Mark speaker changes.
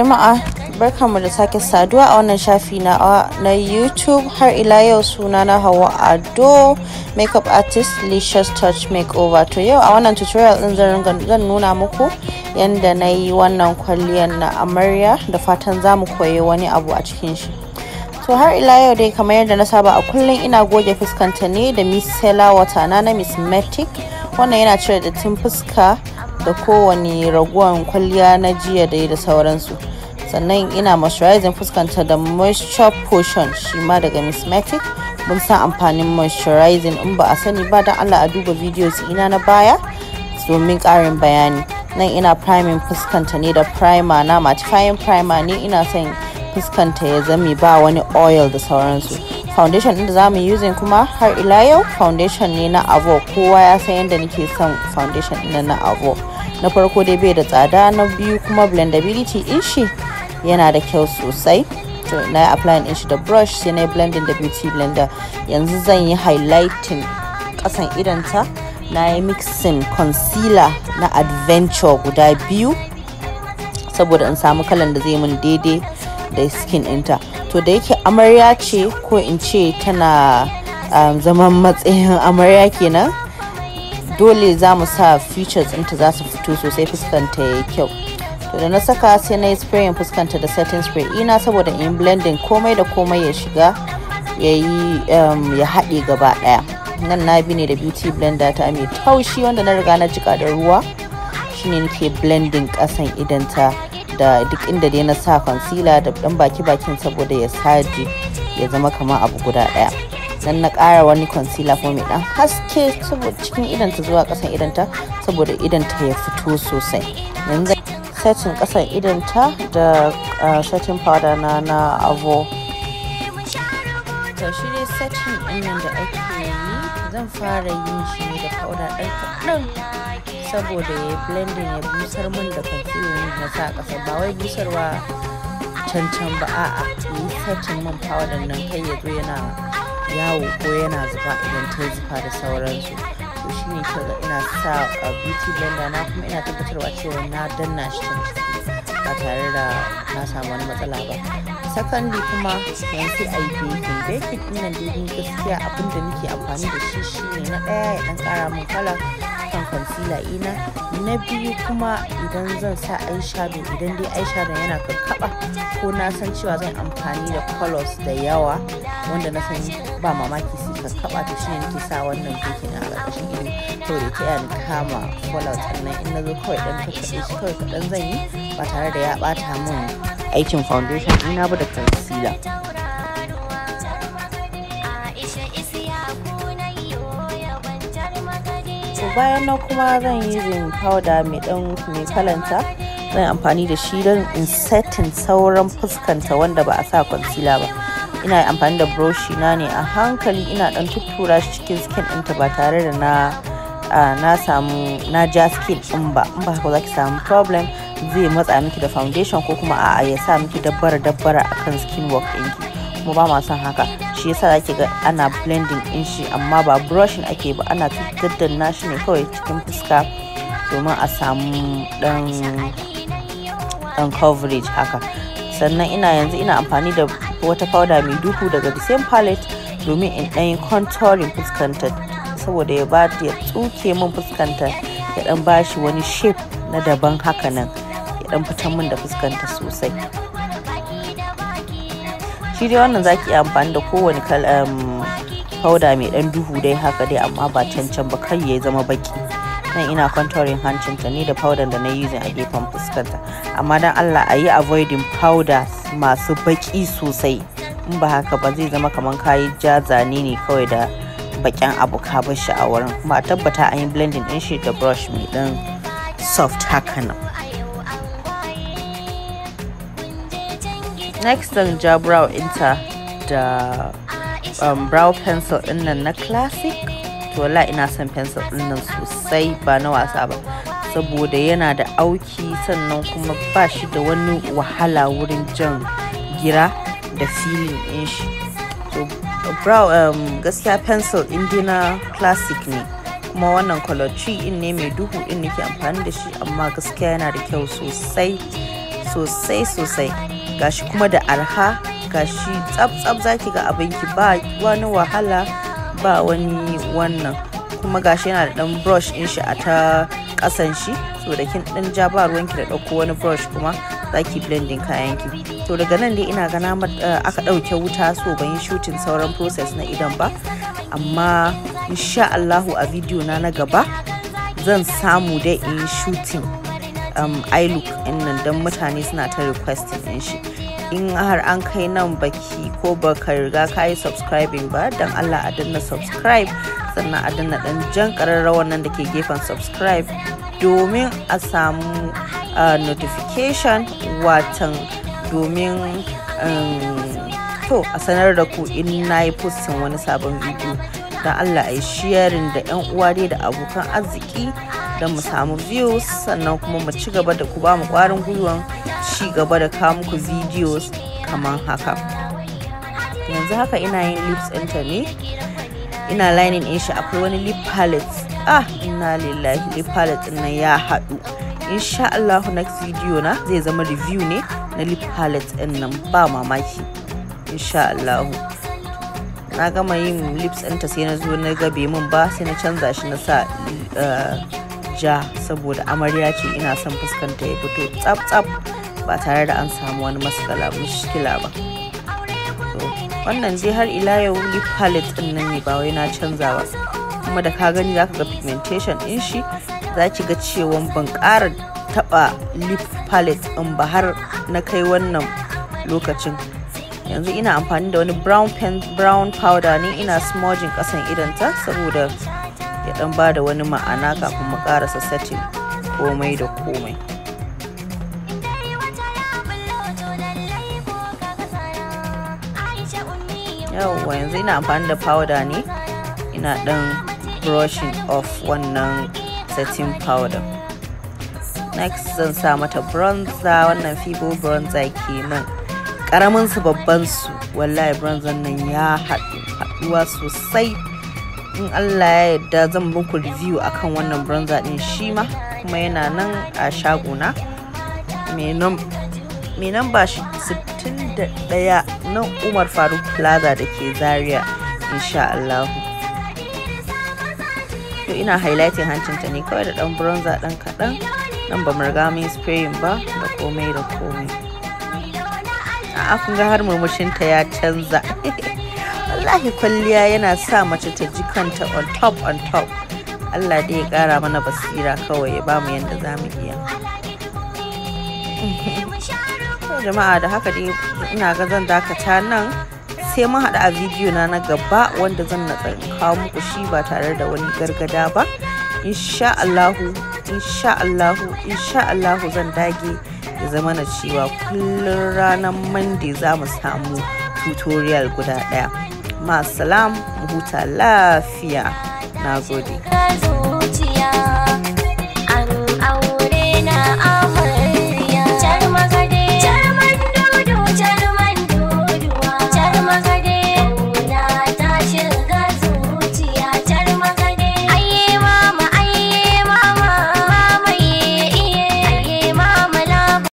Speaker 1: jama'a barkanmu da sake saduwa a wannan shafi na na youtube har ila yau suna na hawa ado makeup artist licious touch makeover to yau a wannan tutorial din zan nuna muku yadda na yi wannan kwalliyar na amarya da fatan za mu koyi wani abu a cikin shi to har ila yau dai kamar yadda na saba a kullum ina goge fuskanta ne da micellar water na na mismatic wannan yana cire dattin fuska da kowane raguwan kwalliya na jiya dai da sauransu sannan ina moisturizing fuskanta da moisture potion shi ma daga matic mun san amfanin moisturizing in ba a sani ba don allah a duba videos ina na baya domin karin bayani nan ina priming fuskanta ne da primer na matifying primer ne ina san fuskanta ya zame ba wani oil da sauransu foundation ɗin da za mu using kuma har ila yau foundation ne na avo kowa ya san yadda nake son foundation ɗin na avo na farko dai bai da tsada na biyu kuma blendability din shi yana da kyau sosai to na applying din shi da brush sai na blending da beauty blender yanzu zan yi highlighting kasan idanta na yi mixing concealer na adventure guda biyu saboda in samu kalan da zai mun daidai da skin ɗinta to da yake amarya ce ko in ce tana um, zaman matsayin amarya kenan dole za mu sa features ɗinta za su fito sosai fuskanta ya yi kyau da na saka sai na yi sprayin fuskanta da setting spray ina saboda in blending komai da komai ya shiga ya yi um, ya haɗe gaba ɗaya nan na bi ne da beauty blender ta mai taushi wanda na riga na jika da ruwa shine nake blending ƙasan idanta da duk inda dai na sa concealer da ɗan baki bakin saboda ya saje ya zama kamar abu guda ɗaya dan na ƙara wani concealer kuma mai ɗan haske saboda cikin idanta zuwa ƙasan idanta saboda idanta ya fito sosai yanzu setting kasan idanta da uh, setting powder na na avo to shi dai setting din da ake yi zan fara yin shi ne da powder ɗan kaɗan saboda ya blending ya busar min da confusion na sa ƙasa ba wai busarwa cancan ba a'a yi setting man powder nan kai ya zo yana yawo ko yana zuba idan ta zufa da sauransu mai kyau da ina sa a beauty blender na kuma ina tabbatarwa cewa na danna shi ba tare da na samu wani matsala ba secondly kuma yanzu a yi baking baking ɗin nan daidai gaskiya abinda nake amfani da shi shine na ɗaya ya ɗan ƙara min kala akan concealer ina na biyu kuma idan zan sa eyeshadow idan dai eyeshadow yana kankaba ko na san cewa zan amfani da colors da yawa wanda na san ba mamaki su kankaba to shi yake sa wannan baking a ƙarƙashin ido da ta yana kama fallout sannan in na zo kawai dan kakkaɓe shi kawai kaɗan zan yi ba tare da ya ɓata min aikin foundation ina ba da kansila. bayan na kuma zan yi rin powder mai dan mai kalanta zan amfani da shi don in setin sauran fuskanta wanda ba a sa concealer ba ina amfani da broshi na ne a hankali ina dan tuttura shi cikin skin ɗinta ba tare da na na samu na ja skin din ba in ba za ki samu problem zai matsa miki da foundation ko kuma a ya sa miki dabbara dabbara akan skin work ɗinki kuma ba ma son haka shi yasa zaki ga ana blending din shi amma ba brushing ake ba ana daddanna shi ne kawai cikin fuska domin a samu dan dan coverage haka sannan ina yanzu ina amfani da wata powder mai duhu daga the same palette domin in ɗanyi contouring fuskanta saboda ya ba ya tsuke min fuskanta ya dan bashi wani shape na daban haka nan ya dan fitar min da fuskanta sosai shi dai wannan zaki iya amfani da kowane powder mai dan duhu dai haka dai amma ba cancan ba kai ya zama baki nan ina contouring ta ne da powder da na using a gefen fuskanta amma dan Allah a yi avoiding powders masu baki sosai in ba haka ba zai zama kamar kayi ja zane ne kawai da bakin abu ka bar shi a kuma tabbata an yi blending din shi da brush mai dan soft haka nan next zan ja brow inta da um, brow pencil ɗinnan nan na classic to wala ina son pencil din nan sosai ba na wasa ba saboda yana da auki sannan kuma ba shi da wani wahala wurin jan gira da filin in shi so brow um, gaskiya pencil din na classic ne kuma wannan color tree in ne mai duhu in nake amfani da shi amma gaskiya yana da kyau sosai sosai sosai gashi kuma da arha gashi tsab-tsab zaki ga abinki ba wani wahala ba wani wannan kuma gashi yana da dan brush in shi a ta kasan shi so da kin dan ja ba ruwanki da dauko wani brush kuma zaki blending kayanki to daga nan dai ina gana eh, aka dauke wuta so ban yi shooting sauran process na idan ba amma insha Allahu a video na na gaba zan samu dai in shooting um, ilook nan don mutane suna ta requesting in shi in har an kai nan baki ko baka riga ka yi subscribing ba don allah a danna subscribe sannan a danna dan jan kararrawar nan da ke gefen subscribe domin a samu uh, notification watan domin um, to a sanar da ku in na yi postin wani sabon bidiyo don allah a yi sharing da 'yan uwa da abokan arziki don mu samu views sannan kuma mu ci gaba da ku ba mu kwarin gwiwan ci gaba da kawo muku videos kamar haka yanzu haka ina yin lips enter ne ina lining in shi akwai wani lip palette ah ina lillahi lip palette nan ya haɗu insha Allah next video na zai zama review ne na lip palette din nan ba mamaki insha Allah na gama yin lips enter sai na zo na gabe min ba sai na canza shi na sa eh, ja saboda amarya ce ina son fuskanta ya fito tsab tsab ba tare da an samu wani mushkila ba wannan zai har ila yau lip palette din nan ne ba wai na canza ba kuma da ka gani zaka ga pigmentation din shi za ki ga cewa ban ƙara taba lip palette din ba har na kai wannan lokacin yanzu ina amfani da wani brown powder ne ina smudging kasan idanta saboda ya dan ba da wani ma'ana kafin mu karasa setting komai da komai yawwa yanzu ina amfani da powder ne ina dan brushing off wannan setting powder next zan sa mata bronzer wannan fibo bronzer kenan karamin su babban su wallahi bronzer nan ya haɗu haɗuwa sosai in allah ya yarda zan muku review akan wannan bronzer din shi ma kuma yana nan a shaguna mai ba shi 61 na umar faruk plaza da ke zaria insha allahu to ina highlighting hancinta ne kawai da dan bronzer dan kaɗan nan ba murga mai spraying ba da komai da komai a kun ga har murmushinta ya canza wallahi kwalliya yana sa mace ta ji kanta on top on top Allah da ya kara mana basira kawai ya bamu yadda za mu iya jama'a da haka dai ina ga zan dakata nan sai mun haɗu a bidiyo na na gaba wanda zan na kawo muku shi ba tare da wani gargada ba insha Allahu insha Allahu insha Allahu zan dage ya zama na cewa kullum ranar mandi za mu samu tutorial guda ɗaya. ma'asalam huta lafiya na gode